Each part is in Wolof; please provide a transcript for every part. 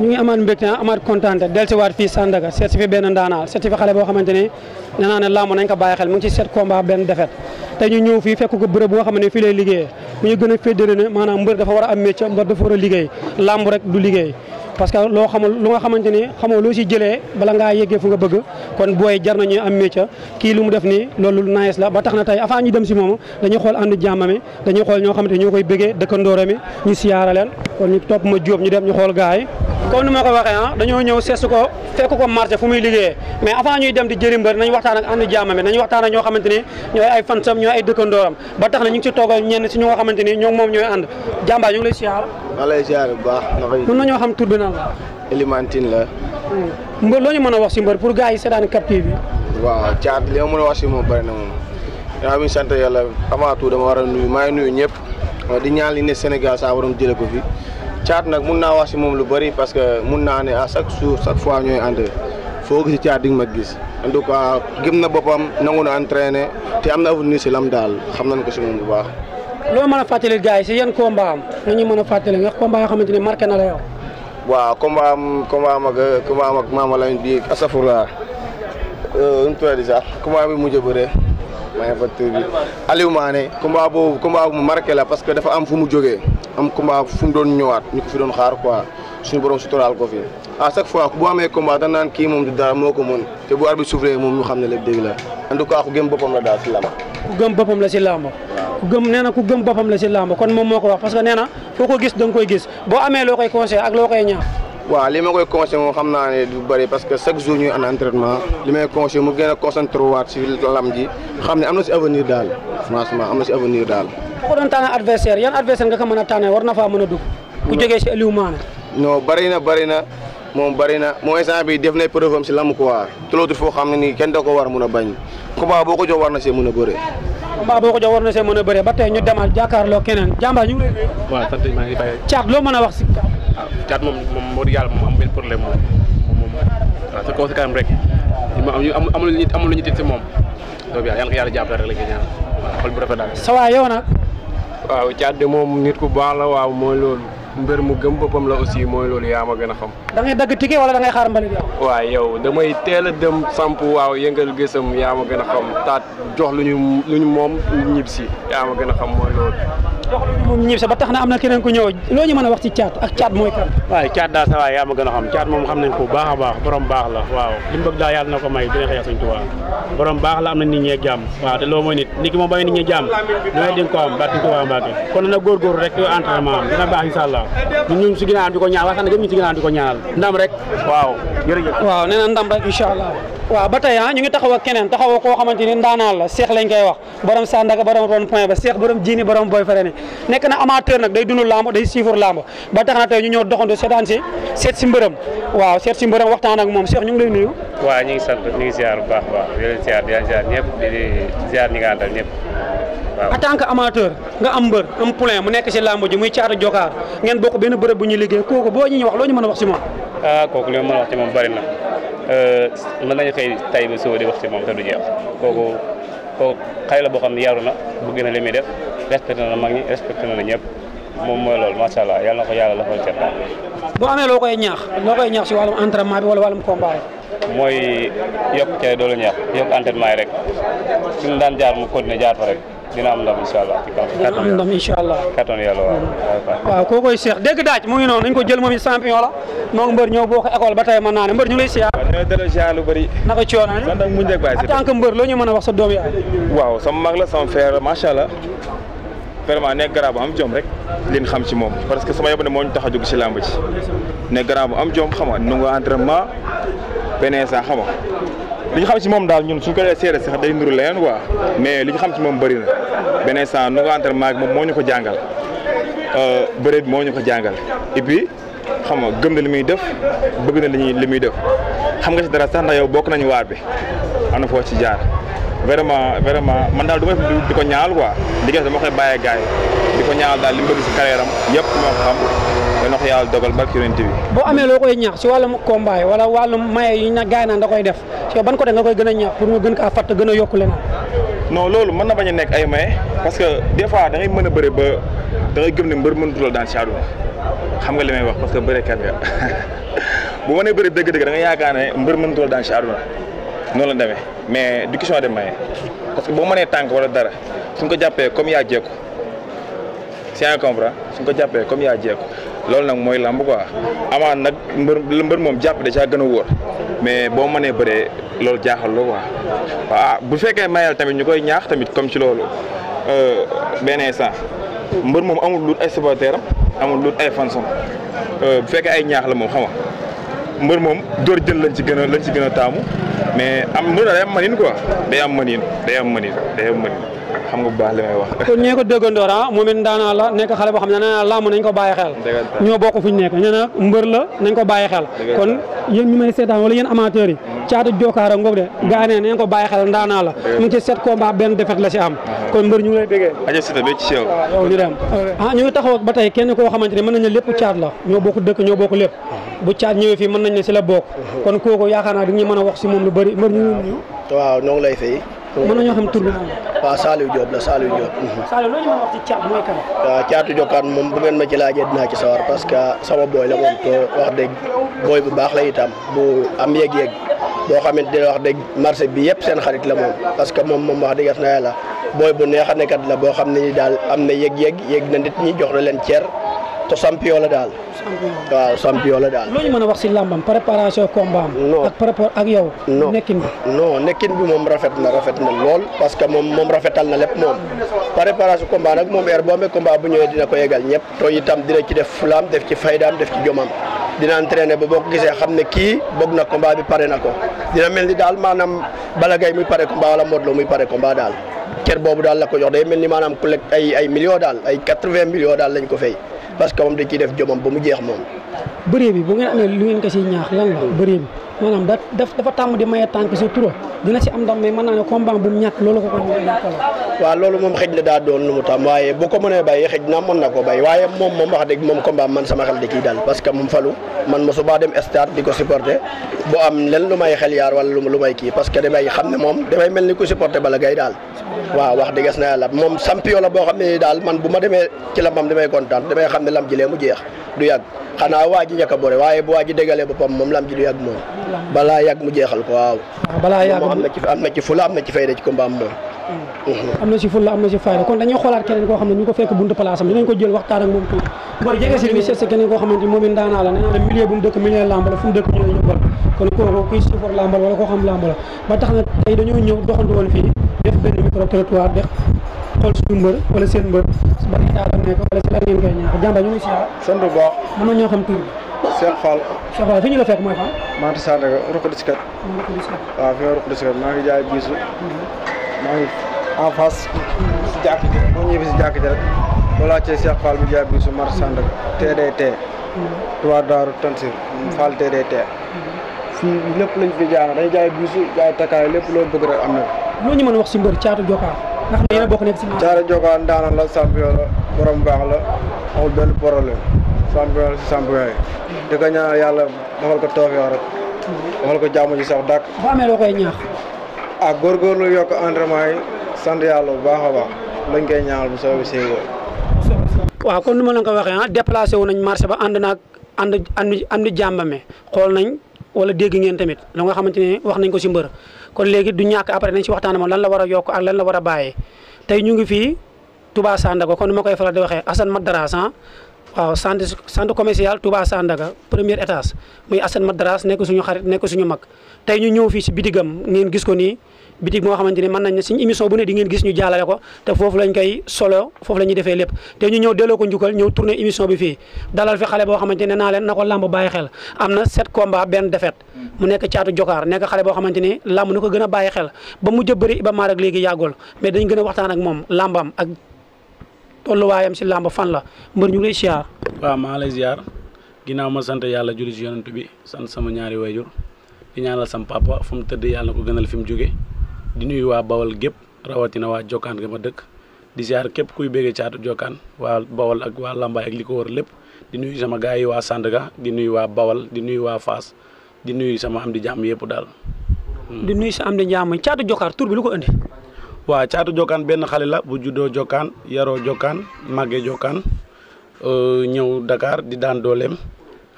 ñu ngi amaat mbégte amaat kontaante dellusiwaat fii Sandaga seet si fi benn ndaanaal seet si fi xale boo xamante ne nee naa làmb nañ ko bàyyi xel mu ngi ci seet combat benn defet te ñu ñëw fii fekk ko bërëb boo xam ne fii lay liggéeyee mu ñu gën a féddale ne maanaam mbër dafa war a am métier mbër dafa war a liggéey làmb rek du liggéey parce que loo xamul lu nga xamante xamoo loo si jëlee bala ngaa yeggee fu nga bëgg kon booy jar nañu am métier kii lu mu def nii loolu lu la ba tax na tey avant ñu dem si moom dañuy xool ànd jàmmami dañuy xool ñoo xamante ñoo koy ñu ma jóob ñu dem ñu ah, dem di jëri mbër nañ waxtaan ak ànd jàmm mi nañ waxtaan ak ñoo xamante ni ñooy ay fansam ñooy ay dëkkandooram ba tax na ñu si toogal ñenn si ñu nga xamante ni moom ñooy ànd jàmbaar ñu nga lay siyaar baax. mën nañoo xam tur bi la la mbër loñu mëna wax ci mbër pour gaay sétane seetaan bi waaw caat li mëna wax ci mo bari na moom dinaa bi sante yalla amatu dama wara nuyu may nuyu ñëpp di ñaan li ne Sénégal sa waram jël ko fi caat nak mëna wax ci mom lu bari parce que mëna né à chaque jour chaque fois ñooy ànd foo ci caat di ma gis en tout cas gëm na bopam nangu na entraîner té amna na avenir ci lam dal xam nañ ko ci mom bu baax lo mëna a gaay ci yeen combat am na ñu mën a nga combat xamanteni marqué na la yow waaw combat am combat am ak combat am ak Mama Lamine bi asafurla euh, nu mu tuddati sax combat a bëree maa ngi fa tur bi Aliou Mané combat boobu combat bu mu marqué la parce que dafa am fu mu jógee am combat fu mu doon ñëwaat ñu ko fi doon xaar quoi suñu borom suturaal ko fi à chaque fois bu amee combat da naan kii moom du dara moo ko mën te bu arbitre soufflé moom ñu xam ne lépp dégg la en tout cas ku boppam la daal si lama ku gëm boppam la si làmb ku gëm nee na ku gëm boppam la si kon moom moo ko wax parce que nee na foo ko gis da nga koy gis boo amee loo koy conseil ak loo koy ñaax waaw ma koy conseil moom xam naa ne du bëri parce que chaque jour ñuy en entraînement li may conseil mu gën a concentré waat si lam xam ne am na si avenir daal franchement am na si avenir daal boo ko doon tànnee adversaire yan adversaire nga ko mën a tànnee war na faa mën a dugg ku jógee si Aliou Mané non bëri na bëri na moom bëri na moo instant bi def na preuve si lam quoi te loolu foo xam ne nii kenn da ko war a mun a bañ combat boo ko jox war na see mën a bëree. combat boo ko jox war na see mën a bëree ba tey ñu demaat jàkkaarloo keneen jàmbaar ñu ngi lay. waaw sant maa loo mën a wax si. waaw Thiat ah, moom moom moo moom moom moom ah, moom loolu yàlla na ko yàlla rek la ñu ñaan waaw sa waay yow waaw Thiat de moom nit ku baax waaw mooy loolu mbër mu gëm boppam la aussi mooy loolu yaa ma gën a xam. da ngay dagg tike wala da ngay xaar mbalit waa waaw yow damay teel a dem samp waaw yëngal gësam yaa ma gën a xam taat jox lu ñu lu ñu moom ñib si yaa ma gën a xam mooy loolu. moom ñiib sa ba tax na am na keneen ku ñëw loo ñu mën a wax ci caat ak caat mooy kan waaw caat daa yaa ma gën a xam caat moom xam nañ ko baax a baax borom baax la waaw li mu bëgg daal yàlla na ko may dina xëy sëñ Tuubaa borom baax la am na nit ñee jàmm waaw te loolu mooy nit nit ki moom bay nit ñee jàmm nooy di ko am ba sëñ Tuubaa Mbàkke kon na góorgóor rek entraînement dina baax insha allah ñun ñu si ginnaaw di ko ñaanal ndam rek waaw jërëjëf waaw nek na amateur nak day dunu lamb day siifur lamb ba taxna tay ñu ñoo doxantu seetaan ci seet ci mbeureum waaw seet ci mbeureum waxtaan ak mom Cheikh ñu ngi lay nuyu. waaw ñi ngi sant ñi ngi ziar bu baax baax di ziar di ziar ñepp di ziar ñi nga àndal ñepp waaw. en tant que amateur nga am mbeur am poulain mu nek ci lamb ji muy caatu jokaar ngeen bokk ben bërëb bu ñu liggéey koku bo ñi wax lo ñu mëna ah, wax ci mom ah koku li mëna wax ci mom bari na euh mën nañu xey tay ba suba di wax ci mom te du jeex koku ko xëy bo xamni yaruna bu yaru limi def respecté na mag ñi respecté na ñëpp moom mooy loolu macha allah yàlla na ko yàlla lafal cat daal. ñaax loo ñaax si wàllum entraînement bi wala wàllum combat yi. mooy yokk cay doole ñaax yokk entraînement rek fi mu daan jaar mu continuer jaar fa rek dina am ndam allah. dina am ndam incha allah kattan yàlla waaw. waaw koy daaj ngi dañ ko jël champion la ko école ñu lay dara lu bëri. naka coono ñu. man nag mu njëkk baay si en tant que ñu wax sa waaw sama mag la sama frère vraiment nekk grand bu am jom rek liñ xam ci moom parce que sama yóbbu ne moo ñu tax a jóg ci làmb ji ne grand bu am jom xam nga nu nga entraînement beneen saa xam nga li ñu xam ci moom daal ñun suñ ko dee seede sax day nuru leen waa mais li ñu xam ci moom bëri na beneen saa nu nga entraînement ak moom moo ñu ko jàngal euh, bëre bi moo ñu ko jàngal et puis xam nga gëm na li muy def bëgg na li muy def xam nga ci dara sax na yow bokk nañu waar bi am na foo ci jaar. vraiment vraiment man daal du ma def di ko ñaal quoi di def dama koy bàyyee gars yi di ko ñaal daal li mu bëgg si carrière am yëpp moo xam dana ko yàlla dogal barke yonent bi. boo amee loo koy ñaax si wàllum combat yi wala wàllum maye yi na gars yi naan da koy def si ban côté nga koy gën a ñaax pour nga gën kaa fàtte gën yokk leen. non loolu mën na bañ a nekk ay maye parce que des fois da ngay mën a bëre ba da ngay gëm ne mbër mënatu la daan si àdduna xam nga li may wax parce que bërekat nga bu ma nee bëri dëgg-dëgg da nga yaakaar ne mbër mënatu la noonu la demee mais du question de maye parce que boo mënee tànk wala dara suñ ko jàppee comme yaa jékku si yaa comprend suñ ko jàppee comme yaa jékku loolu nag mooy làmb quoi amaan nag mbër mbër moom jàpp de déjà gën a wóor mais boo mënee bëree loolu jaaxal la quoi bu fekkee mayal tamit ñu koy ñaax tamit comme ci loolu euh, benn instant mbër moom amul luut ay supporter am amul luut ay fansom euh, bu fekkee ay ñaax la moom xam nga mbër moom dóor jël lañ ci gën a lañ ci gën a taamu. mais am lu ne day am mënin quoi day am mënin day am mënin day am mënin xam nga bu baax li may wax. kon ñee ko déggandoor ah moom it ndaanaa la nekk xale boo xam ne nee naa làmb nañ ko bàyyi xel. ñoo bokk fu ñu nekk nee na la nañ ko bàyyi xel. kon yéen ñu may seetaan wala yéen amateurs yi. Mm-hmm. caatu jokkaara ngoog de mm-hmm. gaa nee nañ ko bàyyi xel ndaanaa la. mu ngi ci sept combat benn défaite la ci am. Mm-hmm. kon mbër ñu ngi lay déggee. rajo ñu dem ah taxaw ba tey kenn koo xamante ne mën nañ ne lépp caat la ñoo bokk dëkk ñoo bokk lépp bu caat ñëwee fii mën nañ ne ci la bokk kon kooku yaakaar naa dañuy mën a wax ci moom lu bari mbër ñu noo lay fay mën nañoo xam tur bi moom waaw Saliou Diop la Saliou Diop. Saliou loo caatu Jokaan moom bu ngeen ma ci laajee dinaa ci sawar parce que sama booy la moom te wax dëgg booy bu baax la itam bu am yéeg-yéeg boo xamante ne wax dëgg marché bi yëpp seen xarit la moom parce que moom moom wax dëgg yàlla booy bu neex a nekkat la boo xam ne ni daal am na yéeg-yéeg yéeg na nit ñi jox na leen ceer te champion la daal. waaw champion la daal. wax si làmbam préparation combat am. ak par rapport ak yow. nekkin bi nekkin bi moom rafet na rafet na lool parce que moom moom rafetal na lépp moom. préparation combat nag moom heure boo amee combat bu ñëwee dina ko yegal ñëpp to itam dina ci def fulaam def ci faydaam def ci jomam. dina entraîné ba boo gisee xam ne kii bëgg na combat bi pare na ko dina mel ni daal maanaam Balla Gaye muy pare combat wala Modou Lo muy pare combat daal cër boobu daal la ko jox day mel ni maanaam ku lekk ay ay daal ay quatre-vingts millions daal lañ ko fay. parce que moom da ciy def jomam ba mu jeex moom. bëree bi bu ngeen amee lu ngeen ko siy ñaax lan la bëree bi maanaam da dafa tàmm di maye tànk si tura dina si am ndam mais mën naa ne combat bu mu ñàkk loolu ko ko ñu waaw daa doon lu mu tam waaye bu ko mënee bàyyi xëj naa mën na ko bàyyi waaye moom moom wax dëgg moom combat man sama xel di parce que moom falu man ma subaa dem stade di ko supporter bu lu may lu may kii parce que damay xam ne moom damay mel ni ku supporter bala gay daal waaw wax dëgg na yàlla moom champion la boo xam ne daal man bu ma demee ci lambam damay kontaan damay xam ne lam ji lee mu jeex du yàgg xanaa waa ji ñàkk a bëre waaye bu waa ji dégalee boppam moom lam ji du yàgg moom balaa yàgg mu jeexal ko waaw. Ah, balaa yàgg am na ci am na ci fula am mm. kon dañuy xoolaat keneen koo xam ko fekk buntu place am dinañ ko jël waxtaan moom tuuti. Ngor bu mu dëkk milieu làmb fu mu dëkk ñu kon kooku kuy suufar làmb la koo xam làmb ba tax na tey dañoo ñëw doxantu woon fii def benn micro trottoir def xool suñu mbër wala seen mbër su ban si lan ngeen koy ñaax jàmba ñu ngi siyaar sant bu bi ñu la fekk mooy maa ngi sant rek ruq di si maa ngi jaay biisu maa ngi en face si jàkk ji moo ñëwee si jàkk ji rek boo laajtee Cheikh Fall mi jaay biisu mar sant rek TDT trois daaru Tansir Fall TDT fii lépp lañ fi jaay na dañuy jaay biisu jaay takkaay lépp loo bëgg rek am na loo ñu mën a wax si mbër caatu Jokaar ndax yéen a bokk nekk si maanaam. Thiaré Diokhane daana la champion la borom baax la amul benn problème champion la si champion yi. di ko ñaanal yàlla defal ko tawfeex rek. defal ko jàmm ji sax dàkk. bu amee loo koy ñaax. ah góorgóorlu yokk entraînement yi sant yàlla bu baax a baax lañ koy ñaanal bu soobee séegoo. waaw kon nu ma la ko waxee ah wu nañ marché ba ànd naag ànd ànd ànd jàmbame xool nañ. wala dégg ngeen tamit la nga xamante ne wax nañ ko si mbër kon léegi du ñàkk après nañ ci waxtaan moom lan la war a yokk ak lan la war a bàyyee tey ñu ngi fii tubaa Sandaga kon ni ma koy faral di waxee Assane Madaras ah waaw centre centre commercial Touba Sandaga premier étage muy Assane Madaras nekk suñu xarit nekk suñu mag tey ñu ñëw fii si bidigam ngeen gis ko nii bitig moo xamante ni mën nañ ne suñ émission bu ne di ngeen gis ñu jaalale ko te foofu lañ koy solo foofu la ñuy defee lépp te ñu ñëw delloo ko njukkal ñëw tourné émission bi fii dalal fi xale boo xamante ne naa leen na ko làmb bàyyi xel am na sept benn défaite mu nekk caatu jokaar nekk xale boo xamante ni làmb na ko gën a bàyyi xel ba mu jëbëri Iba Mar ak léegi yàggul mais dañ gën a waxtaan ak moom làmbam ak tolluwaayam si làmb fan la mbër ñu ngi lay siyaar waaw maa lay siyaar ginnaaw ma sant yàlla julli si yonent bi sant sama ñaari wayjur di ñaanal sam papa fu mu tëdd yàlla na ko fi mu jóge di nuyu waa bawal gépp rawatina waa jokkaan ga ma dëkk di ziar képp kuy béggee caatu jokkaan waa bawal ak waa lambaay ak li ko wër di nuyu sama gars yi waa Sandaga di nuyu waa bawal di nuyu waa Faas di nuyu sama am di jàmm yëpp daal. Hmm. di nuyu sa am di jàmm caatu tur bi lu ko indi. waa caatu jokkaan benn xale la bu juddoo jokkaan yaroo jokkaan màggee jokkaan euh, ñëw Dakar di dan dooleem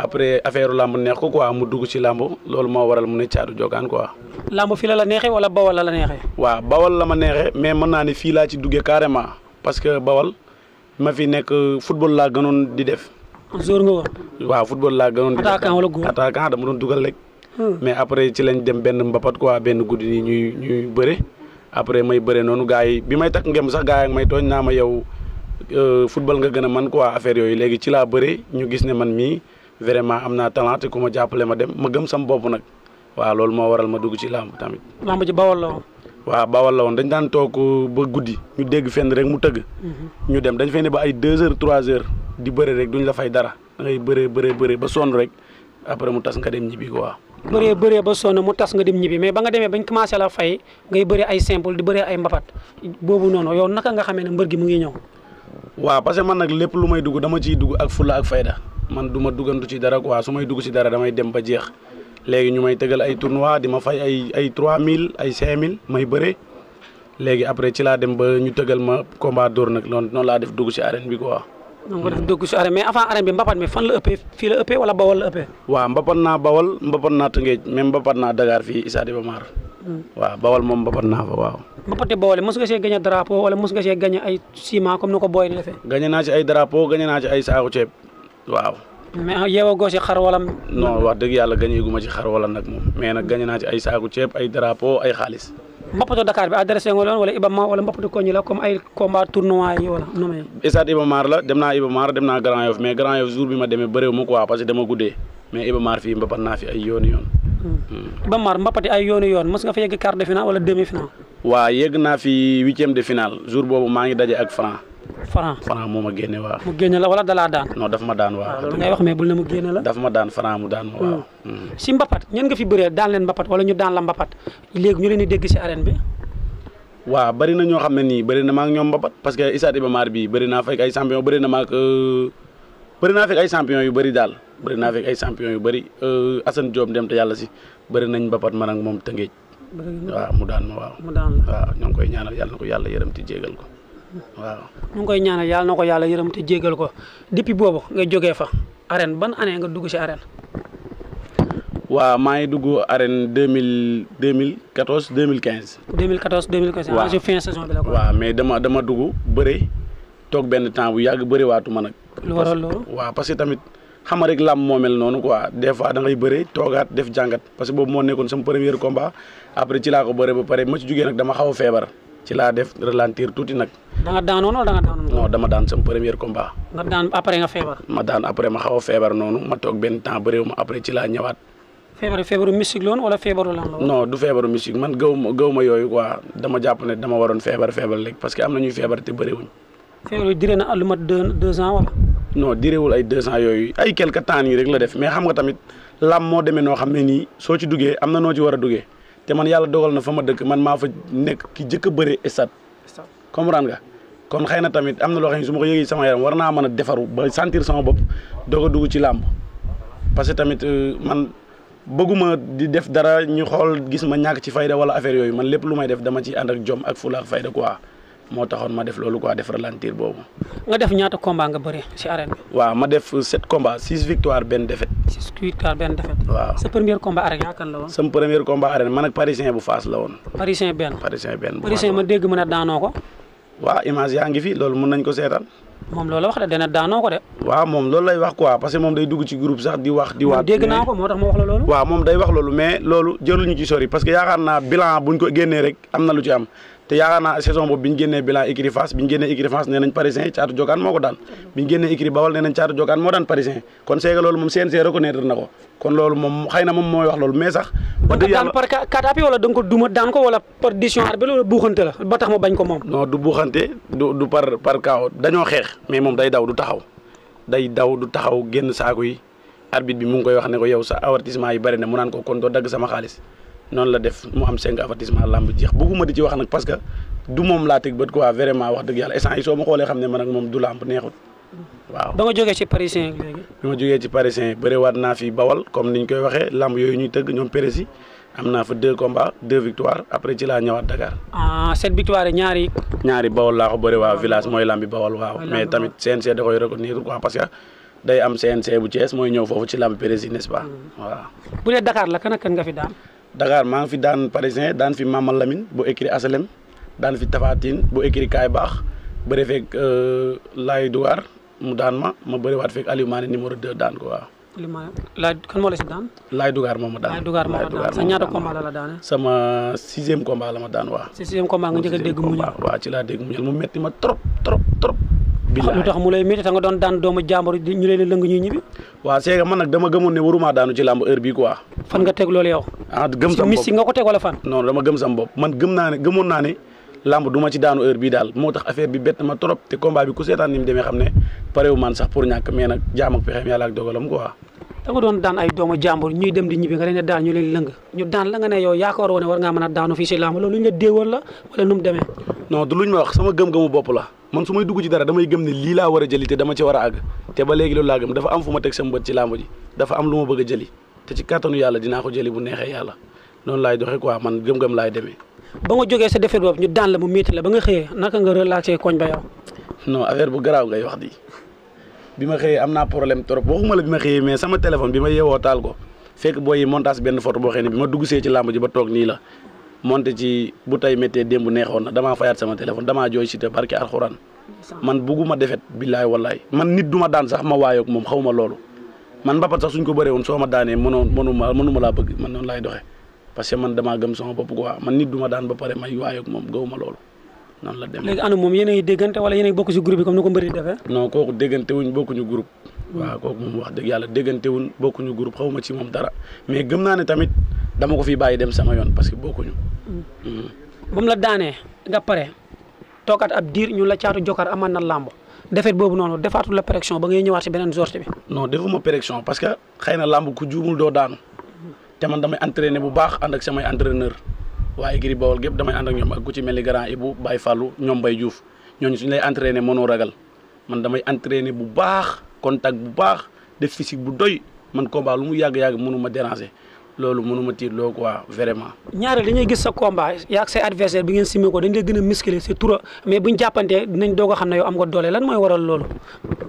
après affaire lamb neex ko quoi mu dugg ci lamb loolu mo waral mu ne caatu jogan quoi. lamb fi la la wala bawal la la neexee. wa bawal la ma neexee mais man na ni fi la ci duggé carrément parce que bawal ma fi nek football la gënon di def. jour nga wa football la gënon di def attaquant wala góor attaquant dama dugal rek. Hmm. mais après ci lañ dem ben mbapat quoi ben goudi ni ñuy ñuy bëré après may bëré nonu gaay bi may tak ngem sax gaay ak may togn na ma yow euh, football nga gëna man quoi affaire yoy légui ci la bëré ñu gis ne man mi vraiment amna talent te ku ma ma dem ma gëm sama bop nak wa loolu mo waral ma dugg ci lamb tamit. lamb ci bawal la won wa bawal la won dañ dan toog ba guddi ñu dégg fenn rek mu tëgg. Mhm. ñu dem dañ fay ne ba ay 2h 3h di bëré rek duñ la fay dara da ngay bëré bëré bëré ba son rek après mu tass nga dem ñibi quoi bëré bëré ba son mu tass nga dem ñibi mais ba nga démé bañ commencé la fay ngay bëré ay simple di bëré ay mbapat bobu noonu yow naka nga xamé ne mbeur gi mu ngi ñëw. wa parce que man nak lepp lu may dugg dama ci dugg ak fulla ak fayda man duma dugandu ci dara quoi sumay dug ci dara damay dem ba jeex léegi ñu may tëgal ay tournoi di ma fay ay ay 3000 ay 5000 may beure léegi après ci la dem ba ñu tegal ma combat d'or nak non non la def dug ci arène bi quoi. donc def dug ci arène mais avant arène bi mbapat mais fan la ëppee fi la ëppee wala bawal la ëppee. wa mbapat na bawal mbapat na tëngeej même mbapat na dagar fi isa Diba Mar. Hmm. waaw bawal moom mbapat na fa waaw. mbapati bawal mos nga see gagné drapeau wala mos nga see gagné ay ciment comme ni ko booy defee. gagné na ci ay drapeau gagné na ci ay saako ciép waaw. mais yeewagoo si xar wala. non wax dëgg yàlla gañe gu ma ci xar wala nag moom mais nag gañe naa ci ay saaku ceeb ay drapeau ay xaalis. mbappatu Dakar bi adressé nga loon wala Ibamar wala mbappatu koñ la comme ay combat tournoi yi wala nu muy. stade Ibamar la dem naa Ibamar dem naa Grand Yoff mais Grand Yoff jour bi ma demee bëréew ma quoi parce dama guddee mais Ibamar fii mbappat naa fi ay yoonu yoon. Hmm. Ibamar mbappati ay yoonu yoon mos nga naa fi boobu maa ngi daje ak franc franc moo ma génne mu génne la wala dalaa daan non daf ma daan waaw ah, loolu ngay wax mais bul ne mu génne la daf ma daan franc mu daan ma hmm. si mbapat ñen nga fi bëree daan leen mbapat wala ñu daan la mbapat léegi ñu leen di dégg si arène bi waaw bëri na ñoo xam ne nii bëri na maak ñoom mbapat parce que Issa Iba bi bëri naa fekk ay champion bëri na maak euh, bëri naa fekk ay champion yu bëri daal bëri naa fekk ay champion yu bëri euh, Assane Diop dem te yàlla si bëri nañ mbapat man ak moom tëngéej waaw mu daan ma waaw mu daan waaw ñoo koy ñaanal ko ti jégal ko waaw nu ngi koy ñaanal yàlla na ko yàlla yërëm te jéggal ko depuis boobu nga jógee fa arène ban année nga dugg si arène waaw maa ngi dugg arène 2000 2014, 2015. 2014 2015 deux waaw fin saison bi la ko waaw mais dama dama dugg bëri toog benn temps bu yàgg bëri waatu man nag. lu waral loolu waaw parce que tamit xam rek làmb moo mel noonu quoi des fois da ngay bëri toogaat def jàngat parce que boobu moo nekkoon sama premier combat après ci laa ko bëri ba pare ma ci jugee nag dama xaw a feebar. ci laa def ralentir tuuti nag. da nga daanoon wala da daanoon. non dama daan sama premier combat. nga daan après nga feebar. ma daan après ma xaw a feebar noonu ma toog benn temps ba réew ma après ci laa ñëwaat. feebaru feebaru musique loon wala feebaru lan la non du feebaru musique man gaw ma gaw ma yooyu quoi dama jàpp ne dama waroon feebar feebar léegi parce que am na ñuy feebar te bëriwuñ. feebar dire na lu mat deux deux ans wala. non diréwul ay deux ans yooyu ay quelque temps rek la def mais xam nga tamit lam moo demee xam ne nii soo ci duggee am na noo ci war a duggee. te man yàlla dogal na fa ma dëkk man maa fa nekk ki jëkk a bëre stade comprendre nga kon xëy na tamit am na loo xam ne su ma ko yëgee sama yaram war naa mën a defaru ba sentir sama bopp doog a dugg ci làmb parce que tamit euh, man bëgguma di def dara ñu xool gis ma ñàkk ci fayda wala affaire yooyu man lépp lu may def dama ci ànd ak jom ak fula ak fayda quoi moo taxoon ma def loolu quoi def ralentir boobu. nga def ñaata combat nga bëri si arène bi. waaw ma def sept combat six victoires benn défaite. six victoires benn défaite. waaw sa premier combat arène yaa kan la woon. sama premier combat arène man ak parisien bu faas la woon. parisien benn parisien benn. parisien ma dégg ma ne daanoo ko. waaw image yaa ngi fi loolu mën nañ ko seetaan. moom loolu wax de dana daanoo ko de. waaw moom loolu lay wax quoi parce que moom day dugg ci groupe sax di wax. di waat dégg naa ko moo tax ma wax la loolu. waaw moom day wax loolu mais loolu jëruñu ci sori parce que yaakaar naa bilan buñ ko génnee rek am na lu ci am te yaakaar naa saison boobu bi génnee bilan écurie Fass bi ñu génnee écurie Fass nee nañ parisien caatu jokaan moo ko daan bi génnee écurie Bawol nee nañ caatu jokaan moo daan parisien kon seega loolu moom CNG reconnaître na ko kon loolu moom xëy na moom mooy wax loolu mais sax wax dëgg par quatre appuis wala da nga ko duma daan ko wala par décision arbitre wala buuxante la ba tax mu bañ ko moom non du buuxante du par par kaw dañoo xeex mais moom day daw du taxaw day daw du taxaw génn saako yi arbitre bi mu ngi koy wax ne ko yow sa avertissement yi bëri na mu naan ko kon dagg sama xaalis noonu la def mu am cinq avertissement làmb jeex bëgguma di ci wax nag parce du moom laa teg bët quoi vraiment wax dëgg yàlla instant soo ma xoolee xam ne man ak moom du làmb neexut waaw. ba nga jógee ci parisien léegi. bi ma jógee ci parisien bëriwaat naa fi bawal comme niñ koy waxee làmb yooyu ñuy tëgg ñoom pérési am naa fa deux combats deux victoires après ci laa ñëwaat Dakar. ah cette victoire ñaari. ñaari bawal laa ko bëri waa mooy làmbi bawal waaw. mais tamit CNC da koy reconnaître quoi parce que. day am CNC bu Thiès Dakar maa ngi fi daan parisien daan fi Mama Lamine bu écrit asalem daan fi Tafatine bu écrit kaay baax bëri feeg euh, Laye Douar mu daan ma ma bëriwaat waat Aliou Mané numéro 2 daan ko waaw. li ma laaj kan moo la si daan. Laye Dougar moom ma daan Laye Dougar moom ma daan sa ñaata combat la la daane. sama sixième combat la ma daan waa waaw. sixième combat nga njëkk a dégg muñal waa ci laa dégg muñal mu metti ma trop trop trop. billaay lu tax mu lay métti ta nga doon daan doomu jàmbur ñu leen lëng ñuy ñibbi waaw c'est man nag dama gëmoon ne waruma daanu ci làmb heure bi quoi fan nga teg loolu yow ah gëm nga ko teg wala fan non dama gëm sam bopp man gëm naa ne gëmoon naa ne làmb du ci daanu heure bi daal moo tax affaire bi bett ma trop te combat bi ku seetaan ni mu demee xam ne parewu man sax pour ñàkk mais nag jaam ak pexeem yàlla ak dogalam quoi da doon daan ay doomu jàmbur ñuy dem di ñibbi nga leen ne daan ñu leen lëng ñu daan la nga ne yow yaakaar woon ne war ngaa mën a daanu fii si làmb loolu luñ la la wala wax sama gëm-gëmu bopp la man su may dugg ci dara damay gëm ne lii laa war a jëli te war a àgg te ba léegi loolu am fu ma teg sama bët ci am lu ma bëgg a jëli te ci yàlla dinaa ko jëli bu neexee yàlla noonu laay doxee quoi man gëm-gëm laay demee ba nga jógee sa defee boobu ñu daan la mu miiti la ba nga xëyee naka nga relaxé koñ ba yow non affaire bu garaaw ngay wax di bi ma xëyee am naa problème trop waxuma la bi ma xëyee mais sama téléphone bi ma yeewoo taal ko fekk booy yi montage benn photo boo xëy ne bi ma dugg see ci làmb ji ba toog nii la monté ci bu tay méttee démb neexoon na damaa fayaat sama téléphone damaa jooy si te barki alxuraan man bugguma defet billaay wallaay man nit du ma daan sax ma waayoog moom xaw ma loolu man mbapat sax suñ ko bëree woon soo ma daanee mënoon mënuma mënuma laa bëgg man noonu laay doxee parce que man damaa gëm sama bopp quoi man nit du ma daan ba pare may waayoog moom gëwuma loolu noonu la demee léegi ana moom yéen a ngi déggante wala yéen a ngi bokk si groupe bi comme ni ko mbëri defee non kooku déggante groupe hmm. waaw wax dëgg yàlla déggante wuñ bokkuñu groupe xaw ma ci moom dara mais gëm naa ne tamit dama ko fi bàyyi dem sama yoon parce que bokkuñu hmm. Hmm. ba mu la daanee nga pare toogaat ab diir ñu la caatu jokkaar amaan na làmb defet boobu noonu defaatu la perection ba ngay ñëwaat si beneen sortie bi non defuma pression parce que xëy na làmb ku juumul doo daanu te man damay entraîné bu baax ànd ak samay entraîneur waa écurie Bawol gépp damay ànd ak ñoom ak ku ci mel ni grand Ibou Baye Fallou ñoom Baye Diouf ñooñu suñu lay entraîné mënoo ragal man damay entraîné bu baax contact bu baax de physique bu doy man combat lu mu yàgg-yàgg mënu ma déranger loolu mënu ma tiir loo quoi vraiment. ñaareel dañuy gis sa combat yaa ak say bi ngeen simee ko dañ lay gën a muscler c'est trop mais buñ jàppantee dinañ doog a xam ne yow am nga doole lan mooy waral loolu.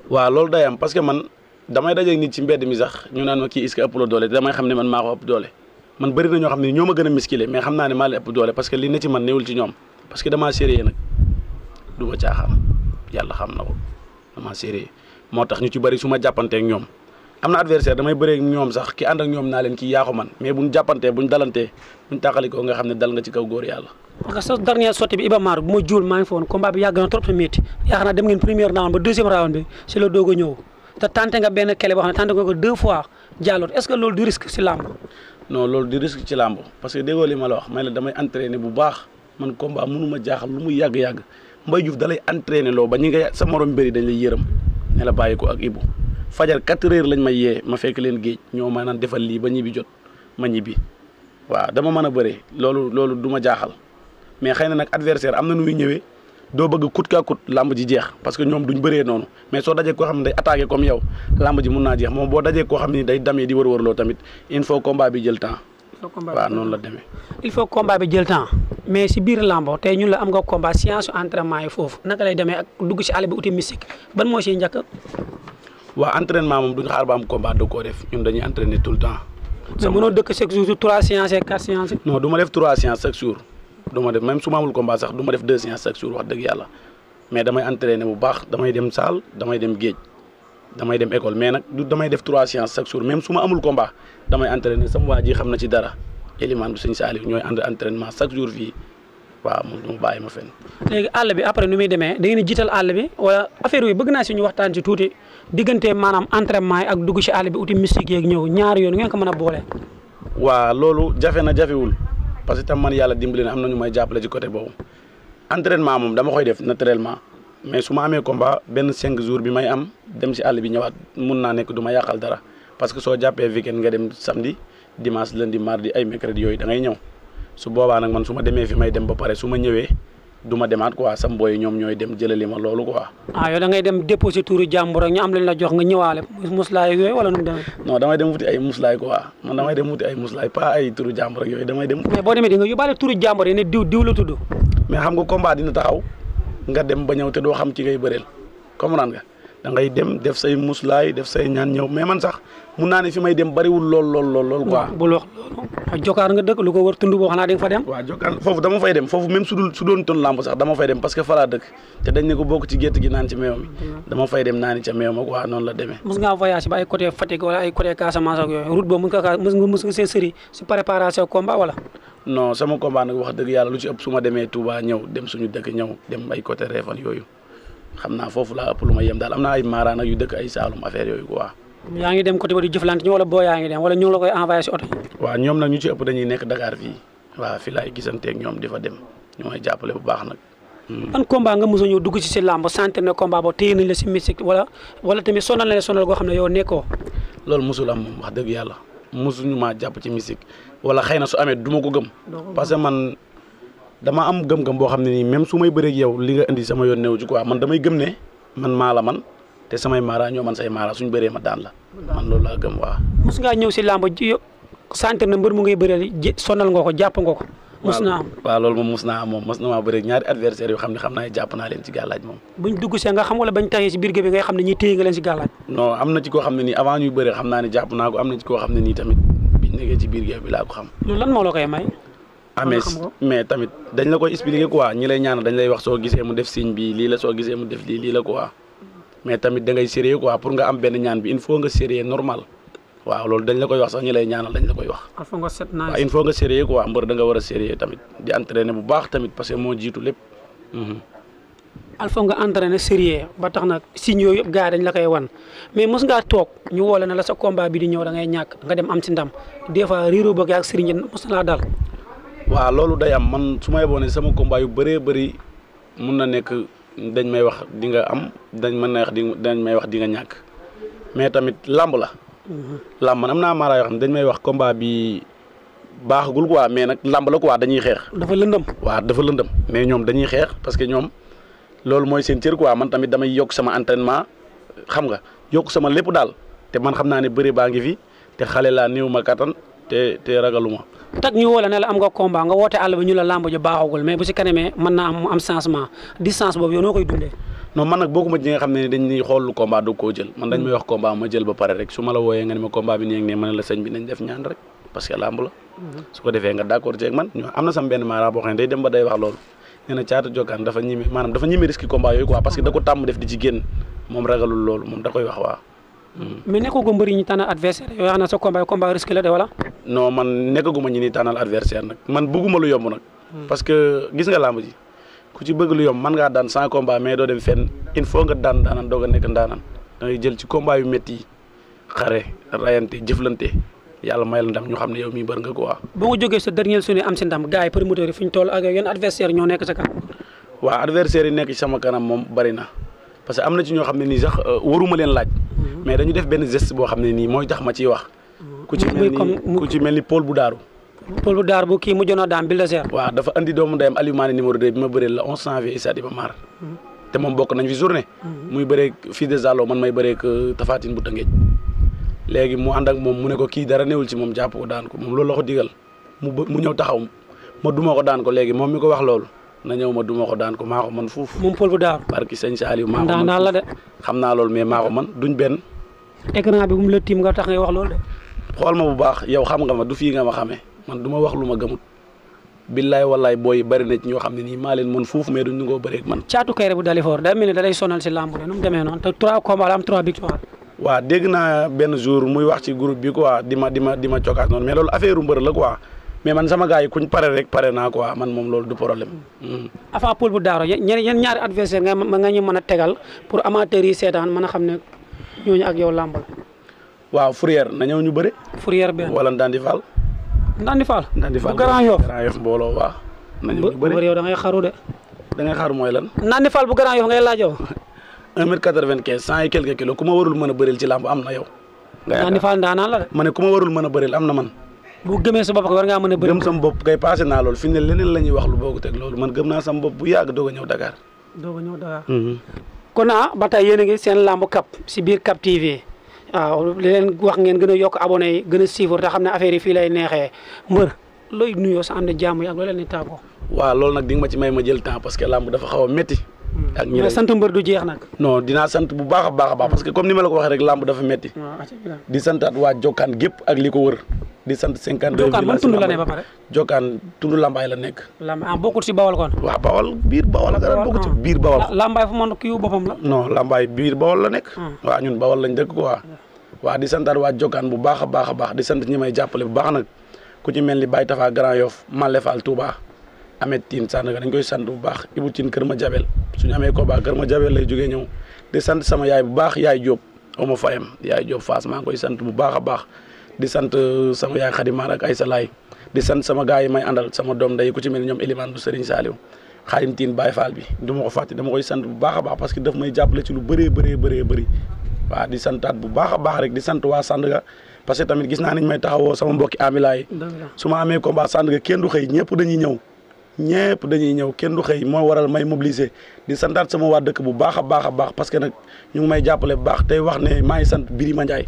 waa loolu day am parce que man damay dajeeg nit ci mi sax ñu naan ma kii est-ce que xam ne man maa ko doole. man bëri na ñoo xam ne ñoo ma gën a miskile mais xam naa ne maa la ëpp doole parce que li ne ci man néewul ci ñoom parce que damaa sérieux nag du ma yàlla xam na ko damaa sérieux moo tax ñu ci bëri su ma jàppanteeg ñoom am na adversaire damay bëree ñoom sax ki ànd ak ñoom naa leen kii yaa man mais buñ jàppantee buñ dalantee buñ tàqalikoo nga xam ne dal nga ci kaw góor yàlla. parce que bi Iba Mar bu ma juul maa ngi fa woon combat na trop te a ñëw te tenté nga benn kele boo xam ne tenté nga ko deux fois non loolu di risque ci làmb parce que déggoo li ma la wax may la damay entraîner bu baax man combat mënuma jaaxal lu muy yàgg-yàgg mbay Diouf dalay entraîner loo ba ñi ngay sa morom bëri dañ lay yërëm ne la bàyyi ko ak Ibou fajar 4 heures lañ ma yee ma fekk leen géej ñoo ma naan defal lii ba ñibbi jot ma ñibbi waaw dama mën a bëre loolu loolu du ma jaaxal mais xëy na nag adversaire am na nu ñëwee doo bëgg kut kaa kut làmb ji jeex parce que ñoom duñ bëree noonu mais soo dajee koo xam ne day attaqué comme yow làmb ji mun naa jeex moom boo dajee koo xam ne day damee di wërwërloo tamit il faut combat bi jël temps. waaw noonu la demee. il faut combat bi jël temps mais si biir làmbo tey ñun la am nga combat science entraînement yi foofu naka lay deme ak dugg si àll bi uti mystique ban moo siy njëkk. waaw entraînement moom duñ xaar ba am combat da koo def du ma def même su ma amul combat sax duma ma def deux séances chaque jour wax dëgg yàlla mais damay entraîner bu baax damay dem salle damay dem géej damay dem école mais nag du damay def trois séances chaque jour même su ma amul combat damay entraîner sama waa ji xam na ci dara élément du sëñ Saliou ñooy ànd entraînement chaque jour fii waaw mu bàyyi ma fenn. léegi àll bi après nu muy demee da ngeen jiital àll bi wala affaire yi bëgg naa si ñu waxtaan si tuuti diggante maanaam entraînement yi ak àll bi uti mystique yeeg ñëw ñaari yoon ngeen ko mën a boole. waa loolu jafe na jafewul parce que tam man yàlla dimbali na am na may jàppale ci côté boobu entraînement moom dama koy def naturellement mais su ma amee combat benn cinq jours bi may am dem si àll bi ñëwaat mun naa nekk duma yàqal dara parce que soo jàppee weekend nga dem samedi dimanche lundi mardi ay mercredi yooyu da ngay ñëw su boobaa nag man su ma demee fi may dem ba pare su ma ñëwee duma ma demaat quoi sam booy ñoom ñooy dem jëlali ma loolu quoi. ah yow dem ngay dem déposé tuuru jàmbur rek ñu am lañ la jox nga ñëwaale muslaay yooyu wala nu mu demee. non damay dem wuti ay muslaay quoi man damay dem wuti ay muslaay pas ay tuuru jàmbur ak yooyu damay dem. mais boo demee di nga yóbbaale tuuru jàmbur yi ne diw diw la mais xam nga combat dina taxaw nga dem ba ñëw te doo xam ci ngay bëreel comprendre nga da ngay dem def say muslaay def say ñaan ñëw mais man sax mun naa ne fi may dem bariwul lool lool lool lool quoi. bul wax loolu Jokaar nga dëkk lu ko wër tund boo wax naa fa dem. waaw Jokaar foofu dama fay dem foofu même su dul su doon ton làmb sax dama fay dem parce que fa laa dëkk te dañ ne ko naani ca mm-hmm. meew ma quoi noonu la demee. mos ngaa voyage ba ay côté Fatick wala ay côté Casamance ak yooyu route boobu mos nga mos sëri si préparation combat wala. non sama combat nag wax dëgg yàlla lu ci ëpp su ma demee Touba ñëw dem suñu dëkk ñëw dem ay côté Réfane yooyu xam naa foofu la ëpp lu ma yem daal am naa yu dëkk ay Saalum yooyu quoi yaa ngi dem côté ba di jëflante ñu wala boo yaa ngi dem wala ñu ngi la koy envoyé si oto waaw ñoom nag ñu ci ëpp dañuy nekk Dakar fii waaw fii laay gisanteeg ñoom di fa dem ñu may jàppale bu baax nag hmm. ban combat nga dugg ci si làmb sentir ne combat boo téye nañ la si wala wala tamit sonal na la sonal ne yow nekkoo loolu mosul am moom wax dëgg yàlla mosuñu maa jàpp ci mystique wala xëy na su amee duma ko gëm parce que man dama am gëm-gëm boo xam ne nii même su may bëreeg yow li nga indi sama yoon new ci quoi man damay gëm ne man maa la man te samay maara ñoo man say maara suñ bëree ma daan la man loolu laa gëm waaw. mos ngaa ñëw si làmb ji na mbër mu ngay bëreel sonal nga jàpp nga mus naa moom mus na maa bëri ñaari adversaire yoo xam ne xam naa jàpp naa leen ci gàllaaj moom buñ dugg see nga xam wala bañ taxee si si biir géej bi laa ko xam loolu lan moo la may ah, amee mais tamit dañ la koy expliquer quoi ñi lay ñaanal dañ lay wax soo gisee mu def signe bi lii la soo gisee mais tamit da ngay sérieux quoi pour nga am benn ñaan bi il faut nga sérieux normal waaw loolu dañ la koy wax sax ñi lay ñaanal dañ la koy wax ah, na il faut nga sérieux quoi mbeur da nga wara sérieux tamit di entraîner bu baax tamit parce que lepp hmm al faut nga entraîner sérieux ba tax nak signe yoyep gaay dañ la koy wan mais mos nga tok ñu wolé na la sa combat bi di ñew da ngay ñak nga dem am ci ndam des fois riro bëgg ak sëriñ mos na dal. waaw loolu day am man sumay ma sama combat yu bëree bëri mën na nekk dañ may wax di nga am dañ man na wax di dañ may wax di nga ñak mais tamit lamb la. Mhm. lamb man mara yo xam dañ may wax combat bi baaxagul quoi mais nak lamb la quoi dañuy xex dafa lëndëm. wa dafa lëndëm mais ñom dañuy xex parce que ñom lool moy seen tir quoi man tamit damay yok sama entraînement xam nga yok sama lepp dal te man xamna ni beure baangi fi te xalé la niwuma ma te te ragaluma tak ñu wala ne la am nga combat nga wote Allah bi ñu la lamb ju baaxugul mais bu ci kanemé man na am am changement distance bobu yow noo koy dundee non man nag bokkuma ci nga xamné dañ ñuy xol lu combat du ko jël man dañ may wax combat ma jël ba pare rek suma la woyé nga ni ma combat bi nii ak man la señ bi nañ def ñaan rek parce que lamb la mhm. su ko défé nga d'accord ci ak man ñu sam benn mara bo xam day dem ba day wax lool nee na caatu dafa ñimi manam dafa ñimi risque combat yoy quoi parce que da ko tam def di ci génn mom ragalul lool mom da koy wax wa mais nekkagum bëri ñu tànnal adversaire yo xanaa sa combat combat risque la de wala. non man nekkaguma ñu ni tànnal adversaire nag man bëgguma lu yomb nag. Hmm. parce que gis nga làmb ji ku ci bëgg lu yomb man ngaa daan sans combat mais doo dem fenn il faut nga daan daanan doog a nekk ndaanan da ngay jël ci combat yu métti yi xare rayante jëflante yàlla may ndam ñu xam ne yow mii bër nga quoi. boo ko jógee sa dernier am si ndam gars yi promoteur yi fi ñu toll ak yan adversaire ñoo nekk sa kanam. waaw adversaire yi nekk ci sama kanam moom bari na parce que am na ci ñoo xam ne sax euh, waruma leen laaj Mm-hmm. mais dañu def benn geste boo xam ne nii mooy tax ma ciy wax. Mm-hmm. ku ci mel ni ku ci mel ni Paul bu daaru Paul bu daaru bu kii mu jono daan bi la seer. waaw dafa indi doomu ndeyam Aliou Mané numéro 2 bi ma bëree la 11 janvier Issa Diba Mar. Mm-hmm. te moom bokk nañ fi journée. muy bëree fii de Zalo man may bëree ak euh, Tafatine bu Tëngéej. léegi mu ànd ak moom mu ne ko kii dara newul ci moom jàpp ko daan ko moom loolu la ko digal mu mu ñëw taxaw ma duma ko daan ko léegi moom mi ko wax loolu na ñëw ma duma ko daan ko maa ko man fuuf. moom Paul bu Daaru. barki sëñ Saliou maa ko la de. xam naa loolu mais maa ko man duñ benn. écran bi bu la tiim nga tax ngay wax loolu de. xool ma bu baax yaw xam nga ma du fii nga ma xamee man du ma wax lu ma gëmut. billaay wallaay booy bari na xam ne nii maa leen mën fuuf mais duñ ko bëree ak man. caatu kayre bu Dalifor day mel ni da sonal si lamb de nu mu demee noonu te 3 combats la am 3 victoire. waaw dégg naa benn jour muy wax ci groupe bi quoi di ma di ma di ma cokkaas noonu mais loolu affaire mbër la quoi mais man sama gaay kuñ paré rek paré na quoi man mom lolou du problème. hmm afa poule bu daaro ya-, ñen ñaari adversaire nga nga ñu mëna tégal pour amateur yi sétan mëna xamné xam ne ak yow lambal waaw Fourier na ñew ñu bëré Fourier benn wala Ndandi Fall. Ndandi Fall Ndandi Fall Grand yo Grand Yoff mbooloo wa na ñëw ñu bëré yow da ngay xaru de. da ngay xaru moy lan. Ndandi Fall bu Grand yo ngay laajoo. 1 mètre 95 cent et quelques kilos kuma warul mëna bëreel ci lamb amna yow. Ndandi Fall ndaanaan la mané kuma warul mëna bëreel amna man bu gëmee sa bopp war ngaa mën a bëri. gëm sama bopp kay passé naa loolu fi ne leneen la wax lu boogu teg loolu man gëm naa sama bopp bu yàgg doog a ñëw Dakar. doog a ñëw Dakar. Mhm. kon ah ba tey yéen ngi seen lamb cap si biir cap TV waaw leen wax ngeen gën a yokk abonné yi gën a suivre te xam ne affaire yi fii lay neexee mbër looy nuyoo sa am na jàmm yi ak loo leen di tàggoo. waaw loolu nag di ma ci may ma jël temps parce que lamb dafa xaw a ak ñu sant mbër du jeex nag. no dinaa sant bu baax a baax a baax parce que comme ni ma la ko waxee rek làmb di ko sant cinquante deux Jokkaan ban tund la ne nekk. Lambaay ah bokkul si Bawol kon. biir Bawol ak dara bokkul si biir Bawol. Lambaay fu mu kii boppam la. non Lambaay la nekk. Ah. waaw ñun ah. waa Jokkaan bu baax a baax baax di sant ñi may jàppale bu baax nag ku ci mel ni Baye Tafa Grand Yoff Malefal Touba Ameth tin Sandaga dañ koy sant bu baax ibu tin Kër Ma Jabel suñu ko ba Kër Ma Jabel lay jogé ñew di sant sama yaay bu baax yaay omofaim oma fayam yaay job Fass ma sant bu baaxa baax di sant uh, sama yaay kadi ak Aïssa Laye di sant sama gaay may andal sama dom day ku ci mel ñom eliman bu Serigne saliw khadim tin bay Fall bi duma ko fatte dama koy sant bu baaxa baax parce que daf may jappalé ci lu béré béré béré béré wa di santat bu baaxa baax rek di sant waa Sandaga parce que tamit gis na niñ may taxawoo sama mbokki amilay suma amé combat amee combat Sandaga kenn du xey ñepp dañuy ñew ñëpp dañuy ñëw kenn du xëy moo waral may mobiliser di santaat sama waa dëkk bu baax a baax a baax parce que nag ñu ngi may jàppale bu baax tey wax ne maa ngi sant Birima Ndiaye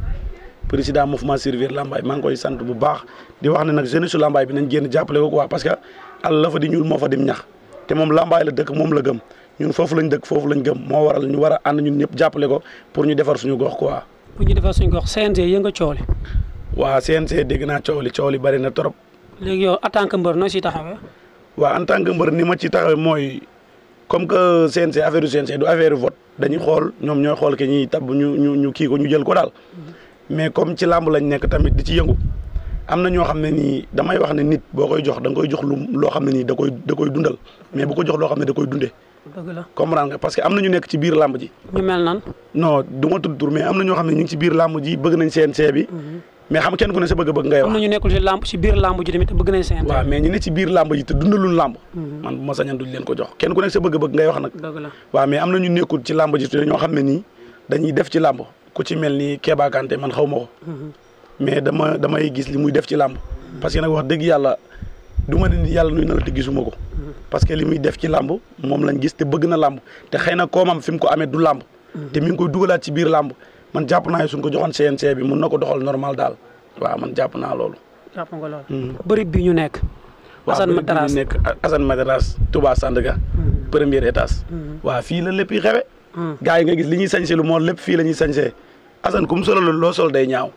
président mouvement servir Lambaye maa ngi koy sant bu baax di wax ne nag jeunesse su Lambaye bi nañ génn jàppale ko quoi parce que àll la fa di ñuul moo fa dim ñax te moom Lambaye la dëkk moom la gëm ñun foofu lañ dëkk foofu lañ gëm moo waral ñu war a ànd ñun ñëpp jàppale ko pour ñu defar suñu gox quoi. pour ñu defar suñu gox CNG yëngu coow li. waaw CNG dégg naa coow li coow li bari na trop. léegi yow en waaw en tant que mbër ni ma ci taxawee mooy comme que CNC affaire du CNC du affaire vote dañuy xool ñoom ñooy xool ke ñuy tabb ñu ñu ñu kii ko ñu jël ko daal mais comme ci làmb la ñu nekk tamit di ci yëngu am na ñoo xam ne nii damay wax ne nit boo koy jox da nga koy jox lu loo xam ne nii da koy koy dundal mais bu ko jox loo xam ne da koy dundee. dëgg la parce que am na ñu nekk ci biir làmb ji. ñu mel nan. non du tudd tur mais am na ñoo xam ne ñu ci biir làmb ji bëgg nañ CNC bi. Mhm. mais xam kenn ku ne sa bëgg-bëgg ngay wax. am na ñu nekkul ci làmb ci biir làmb ji te mm-hmm. leen ko jox kenn ku nekk sa bëgg-bëgg ngay wax nag. dëgg la waaw mais am na ñu nekkul def ci làmb ku ci mel ni Kéba Kanté man xaw ma mm-hmm. mais dama damay gis li muy def ci làmb. Mm-hmm. parce que nag wax dëgg yàlla du ma ne yàlla nuy na gisuma ko. parce que li muy def ci làmb moom lañ gis te bëgg na làmb te xëy na koomam fi mu ko amee du làmb. te mi ngi koy dugalaat ci biir làmb man jàpp naa suñ ko joxoon CNC bi mun na ko doxal normal daal waaw man jàpp naa loolu. jàpp nga loolu. Mm-hmm. bëri bi ñu nekk. Assane Madaras waaw bëri bi ñu nekk Assane Madaras Touba Sandaga. Mm-hmm. premier étage. Mm-hmm. waaw fii la lépp yi yi nga gis li ñuy sañse lu moo lépp fii la ñuy sañse Assane ku mu solalul loo sol day ñaaw.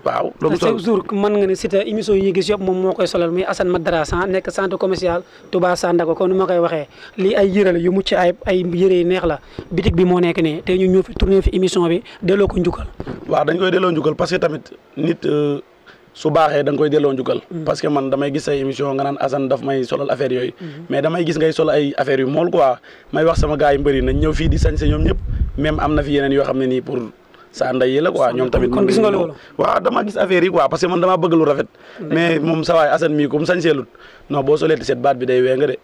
waaw loolu jour mën nga ne si ta émission yi ñu gis yëpp moom moo koy solal muy Assane Madrasa nekk centre commercial Touba Sandaga ko ni ma koy waxee lii ay yëre yu mucc ayib ay yëre neex la bitig bi moo nekk nii te ñu ñëw fi tourné fi émission bi delloo ko njukkal. waaw dañ koy delloo njukkal parce que euh, mm. man damay gis say émission nga naan Assane daf may solal affaire yooyu. Mm-hmm. mais damay gis ngay sol ay affaire yu mool quoi sa ndey yi la quoi ñoom tamit. kon gis nga loolu waaw dama gis affaire yi quoi parce que man lu rafet. Mm-hmm. mais moom sa waay Assane mii comme sañseelut non boo solee set baat bi day wee de.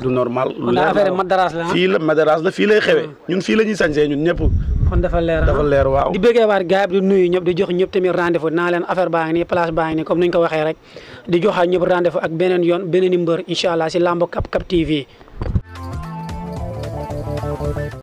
du normal. lu leer ah. fii la madaraas la fii lay xewee mm. ñun fii la ñuy sañsee ñun ñëpp. kon ah. dafa leer waaw. di bëggee waat gars yi di nuyu ñëpp di jox ñëpp tamit rendez-vous naa leen affaire baa ngi nii place baa ngi nii comme ni ñu waxee rek di joxaat ñëpp rendez-vous ak beneen yoon beneen i